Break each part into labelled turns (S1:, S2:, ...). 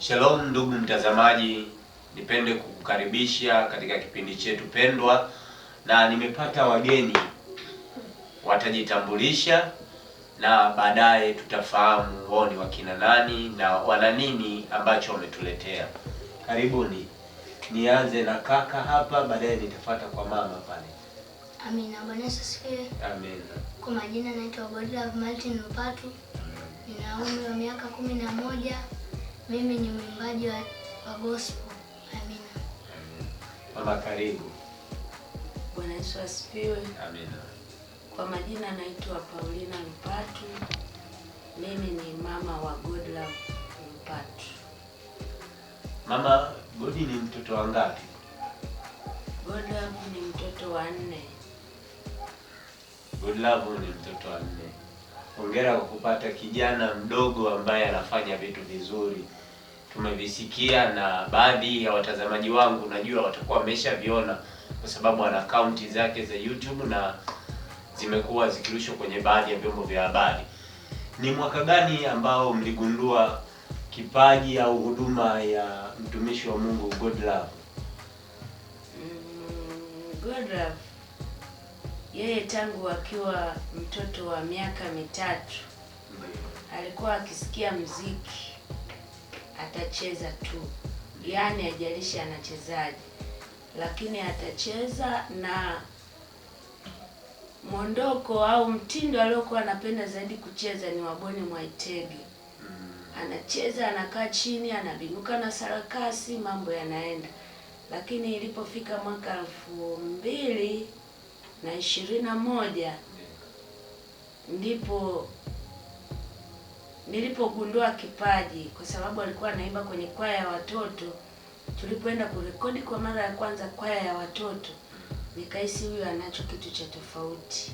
S1: Shalom ndugu mtazamaji, nipende kukukaribisha katika kipindi chetu pendwa, na nimepata wageni watajitambulisha na baadaye tutafahamu wao ni wakina nani na wana nini ambacho wametuletea. Karibuni. Nianze na kaka hapa, baadaye nitafuata kwa mama pale.
S2: Amina. Bwana Yesu asifiwe. Amina. Kwa majina naitwa Godlove Martin Lupatu, nina umri wa miaka kumi na moja. Mimi ni mwimbaji wa, wa gospel. Amina.
S1: Baba karibu.
S3: Bwana Yesu asifiwe. Amina. Kwa majina naitwa Paulina Lupatu. Mimi ni mama wa Godlove Lupatu.
S1: Mama, Godi ni mtoto wa ngapi?
S3: Godlove ni mtoto wa nne.
S1: Godlove ni mtoto wa nne. Hongera kwa kupata kijana mdogo ambaye anafanya vitu vizuri tumevisikia na baadhi ya watazamaji wangu najua watakuwa wameshaviona kwa sababu ana akaunti zake za YouTube na zimekuwa zikirushwa kwenye baadhi ya vyombo vya habari. Ni mwaka gani ambao mligundua kipaji au huduma ya mtumishi wa Mungu Godlove?
S3: Mm, Godlove yeye tangu akiwa mtoto wa miaka mitatu alikuwa akisikia mziki atacheza tu, yaani ajalishi anachezaje, lakini atacheza na mwondoko au mtindo aliokuwa anapenda zaidi kucheza ni Waboni Mwaitege. Mm. Anacheza, anakaa chini, anabinuka na sarakasi, mambo yanaenda. Lakini ilipofika mwaka elfu mbili na ishirini na moja ndipo nilipogundua kipaji, kwa sababu alikuwa anaimba kwenye kwaya ya watoto. Tulipoenda kurekodi kwa mara ya kwanza kwaya ya watoto, nikahisi huyu anacho kitu cha tofauti.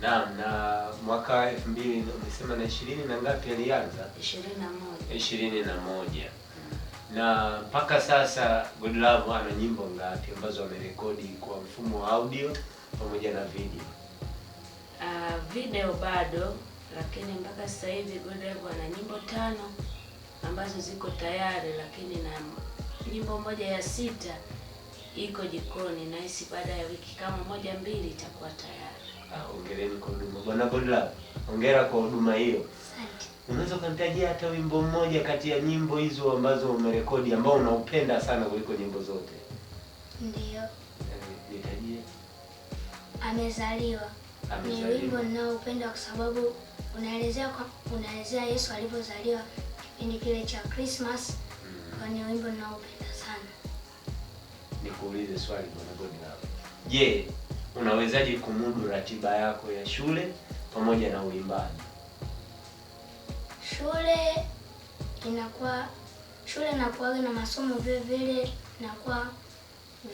S1: Na, Na mwaka elfu mbili umesema na ishirini na ngapi alianza?
S3: ishirini na moja.
S1: ishirini na moja na mpaka sasa Love ana nyimbo ngapi ambazo amerekodi kwa mfumo wa audio pamoja na video?
S3: Uh, video bado lakini mpaka sasa hivi Godlove wana nyimbo tano ambazo ziko tayari, lakini na nyimbo moja ya sita iko jikoni. Nahisi baada ya wiki kama moja mbili itakuwa tayari.
S1: Ah, hongereni kwa huduma bwana Godlove, hongera kwa huduma hiyo. Unaweza kunitajia hata wimbo mmoja kati ya nyimbo hizo ambazo umerekodi ambao unaupenda sana kuliko nyimbo zote?
S2: Ndiyo. Eh, nitajie. Amezaliwa ni wimbo ninaoupenda kwa sababu unaelezea unaelezea Yesu alivyozaliwa kipindi kile cha Christmas mm. kwa ni wimbo ninaopenda sana.
S1: Nikuulize swali bwana Godlove, je, unawezaje kumudu ratiba yako ya shule pamoja na uimbaji?
S2: Shule inakuwa shule inakuwa na masomo vile vile, nakuwa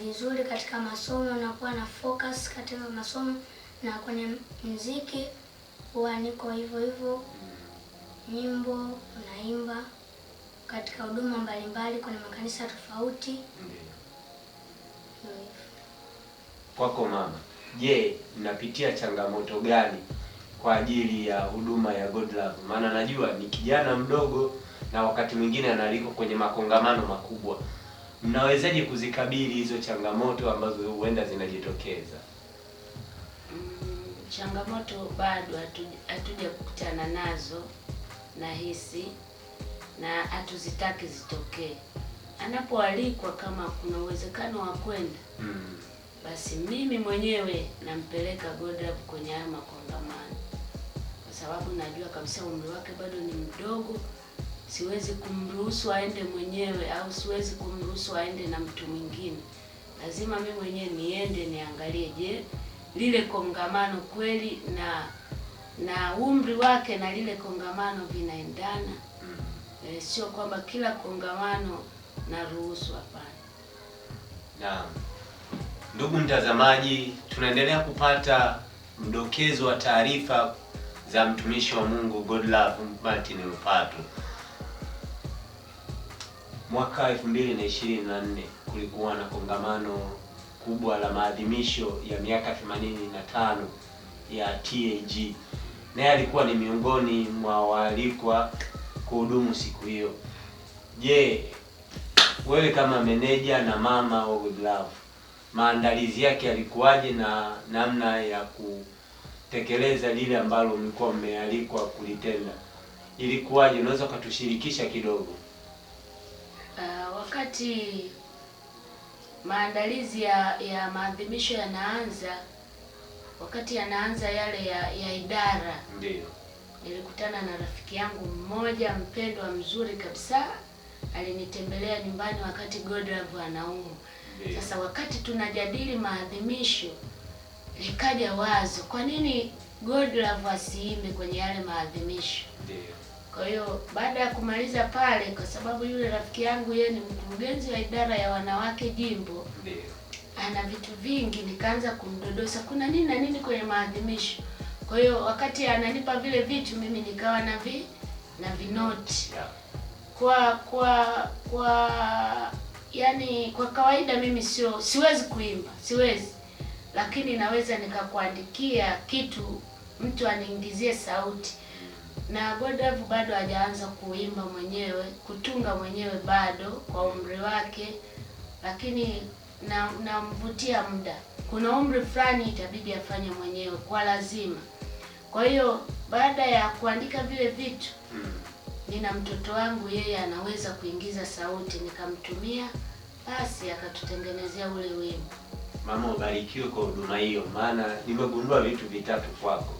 S2: vizuri katika masomo, nakuwa na focus katika masomo na kwenye muziki huwa niko hivyo hivyo, nyimbo unaimba katika huduma mbalimbali kwenye makanisa tofauti.
S1: Kwako mama, je, mnapitia changamoto gani kwa ajili ya huduma ya God Love? Maana najua ni kijana mdogo na wakati mwingine analiko kwenye makongamano makubwa. Mnawezaje kuzikabili hizo changamoto ambazo huenda zinajitokeza?
S3: Changamoto bado hatuja kukutana nazo hisi na hatuzitaki zitokee. Anapoalikwa kama kuna uwezekano wa kwenda mm, basi mimi mwenyewe nampeleka Godlove kwenye haya makongamano, kwa sababu najua kabisa umri wake bado ni mdogo. Siwezi kumruhusu aende mwenyewe, au siwezi kumruhusu aende na mtu mwingine. Lazima mimi mwenyewe niende niangalie, je lile kongamano kweli na na umri wake na lile kongamano vinaendana. Mm. E, sio kwamba kila kongamano na ruhusu, hapana.
S1: Naam. Ndugu mtazamaji, tunaendelea kupata mdokezo wa taarifa za mtumishi wa Mungu Godlove Martin Lupato. Mwaka 2024 kulikuwa na kongamano kubwa la maadhimisho ya miaka 85 ya TAG. Naye alikuwa ni miongoni mwa waalikwa kuhudumu siku hiyo. Je, wewe kama meneja na mama wa Good Love, maandalizi yake yalikuwaje na namna ya kutekeleza lile ambalo mlikuwa mmealikwa kulitenda ilikuwaje? Unaweza ukatushirikisha kidogo?
S3: Uh, wakati maandalizi ya, ya maadhimisho yanaanza, wakati yanaanza yale ya, ya idara, ndio nilikutana na rafiki yangu mmoja mpendwa mzuri kabisa, alinitembelea nyumbani wakati Godlove anaumwa. Sasa wakati tunajadili maadhimisho, likaja wazo, kwa nini Godlove asiime kwenye yale maadhimisho? Kwa hiyo baada ya kumaliza pale, kwa sababu yule rafiki yangu yeye ni mkurugenzi wa idara ya wanawake jimbo, ndiyo ana vitu vingi, nikaanza kumdodosa kuna nini na nini kwenye maadhimisho. Kwa hiyo wakati ananipa vile vitu, mimi nikawa na vi na vinoti kwa kwa kwa yani, kwa kawaida mimi sio siwezi kuimba siwezi, lakini naweza nikakuandikia kitu, mtu aniingizie sauti na Godlove bado hajaanza kuimba mwenyewe, kutunga mwenyewe bado kwa umri wake, lakini na namvutia muda. Kuna umri fulani itabidi afanye mwenyewe kwa lazima. Kwa hiyo baada ya kuandika vile vitu, hmm. nina mtoto wangu, yeye anaweza kuingiza sauti, nikamtumia basi akatutengenezea ule wimbo.
S1: Mama, ubarikiwe kwa huduma hiyo, maana nimegundua vitu vitatu kwako.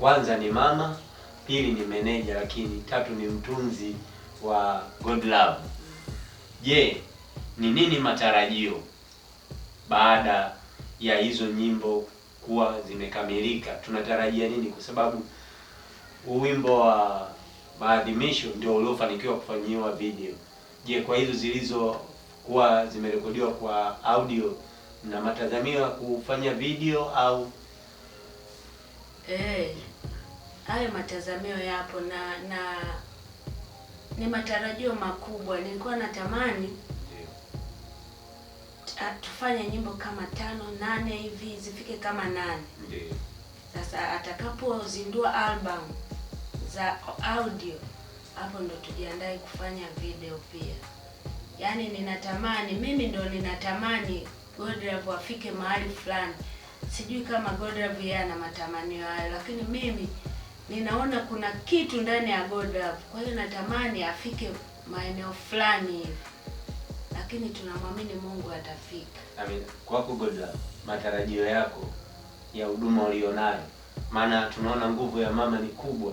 S1: Kwanza ni mama pili ni meneja, lakini tatu ni mtunzi wa God Love. Je, ni nini matarajio baada ya hizo nyimbo kuwa zimekamilika? Tunatarajia nini? Kwa sababu wimbo wa maadhimisho ndio uliofanikiwa kufanyiwa video. Je, kwa hizo zilizokuwa zimerekodiwa kwa audio na matazamio ya kufanya video au
S3: hey? Eh, hayo matazamio yapo na na ni matarajio makubwa. Nilikuwa natamani tufanye nyimbo kama tano nane hivi zifike kama nane. Sasa atakapozindua album za audio, hapo ndo tujiandae kufanya video pia. Yaani ninatamani mimi ndo ninatamani Godlove afike mahali fulani, sijui kama Godlove yeye ana matamanio hayo, lakini mimi ninaona kuna kitu ndani ya God Love, kwa hiyo natamani afike maeneo fulani, lakini tunamwamini Mungu atafika.
S1: Amina. Kwako God Love, matarajio yako ya huduma ulionayo, maana tunaona nguvu ya mama ni kubwa.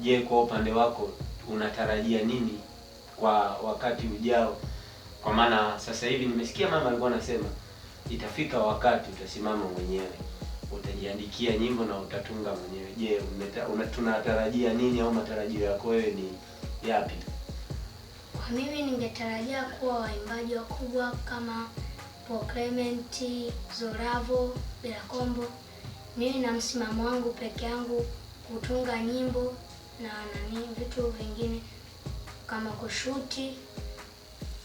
S1: Je, kwa upande wako unatarajia nini kwa wakati ujao? Kwa maana sasa hivi nimesikia mama alikuwa anasema itafika wakati utasimama mwenyewe utajiandikia nyimbo na utatunga mwenyewe. Je, tunatarajia nini au matarajio yako wewe ni yapi?
S2: Kwa mimi ningetarajia kuwa waimbaji wakubwa kama Paul Clement, Zoravo, Kombo. Mimi na msimamo wangu peke yangu kutunga nyimbo na nani vitu vingine kama kushuti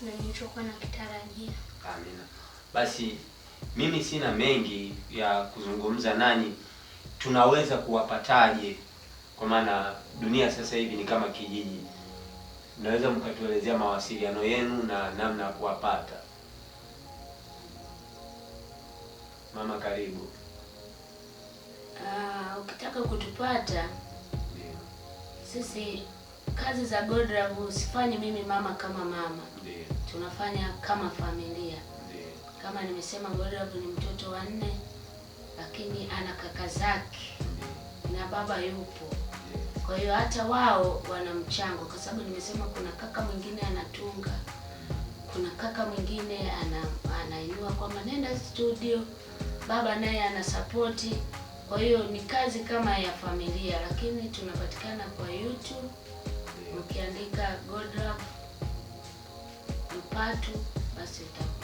S2: na nilichokuwa nakitarajia.
S1: Amina. Basi mimi sina mengi ya kuzungumza nanyi, tunaweza kuwapataje? Kwa maana dunia sasa hivi ni kama kijiji. naweza mkatuelezea mawasiliano yenu na namna ya kuwapata? Mama, karibu.
S3: Uh, ukitaka kutupata yeah. Sisi kazi za Godlove usifanye mimi mama kama mama yeah. Tunafanya kama familia kama nimesema Goodluck ni mtoto wa nne, lakini ana kaka zake na baba yupo. Kwa hiyo hata wao wana mchango, kwa sababu nimesema kuna kaka mwingine anatunga, kuna kaka mwingine ana anainua kwamba nenda studio, baba naye ana sapoti Kwa hiyo ni kazi kama ya familia, lakini tunapatikana kwa YouTube ukiandika Goodluck Mpatu basi uta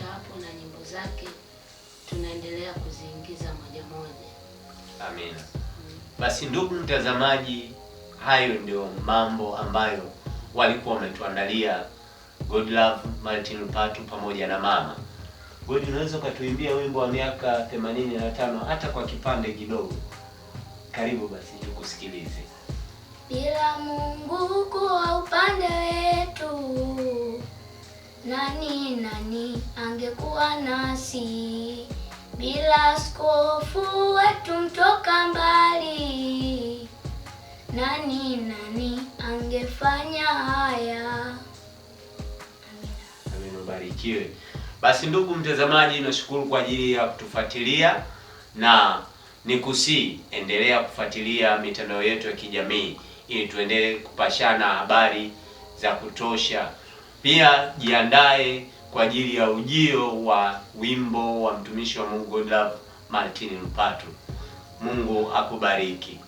S3: Tunamkuta hapo na nyimbo zake tunaendelea kuziingiza moja moja.
S1: Amina. Hmm. Basi ndugu mtazamaji, hayo ndio mambo ambayo walikuwa wametuandalia Love Martin Lupatu pamoja na mama Godi. Unaweza ukatuimbia wimbo wa miaka 85 hata kwa kipande kidogo? Karibu basi tukusikilize.
S2: Bila Mungu nasi, bila skofu wetu mtoka mbali. Nani nani angefanya haya?
S1: Amina, ubarikiwe. Basi ndugu mtazamaji, nashukuru kwa ajili ya kutufuatilia na nikusii endelea kufuatilia mitandao yetu ya kijamii ili tuendelee kupashana habari za kutosha. Pia jiandae kwa ajili ya ujio wa wimbo wa mtumishi wa Mungu Godlove Martin Lupatu. Mungu akubariki.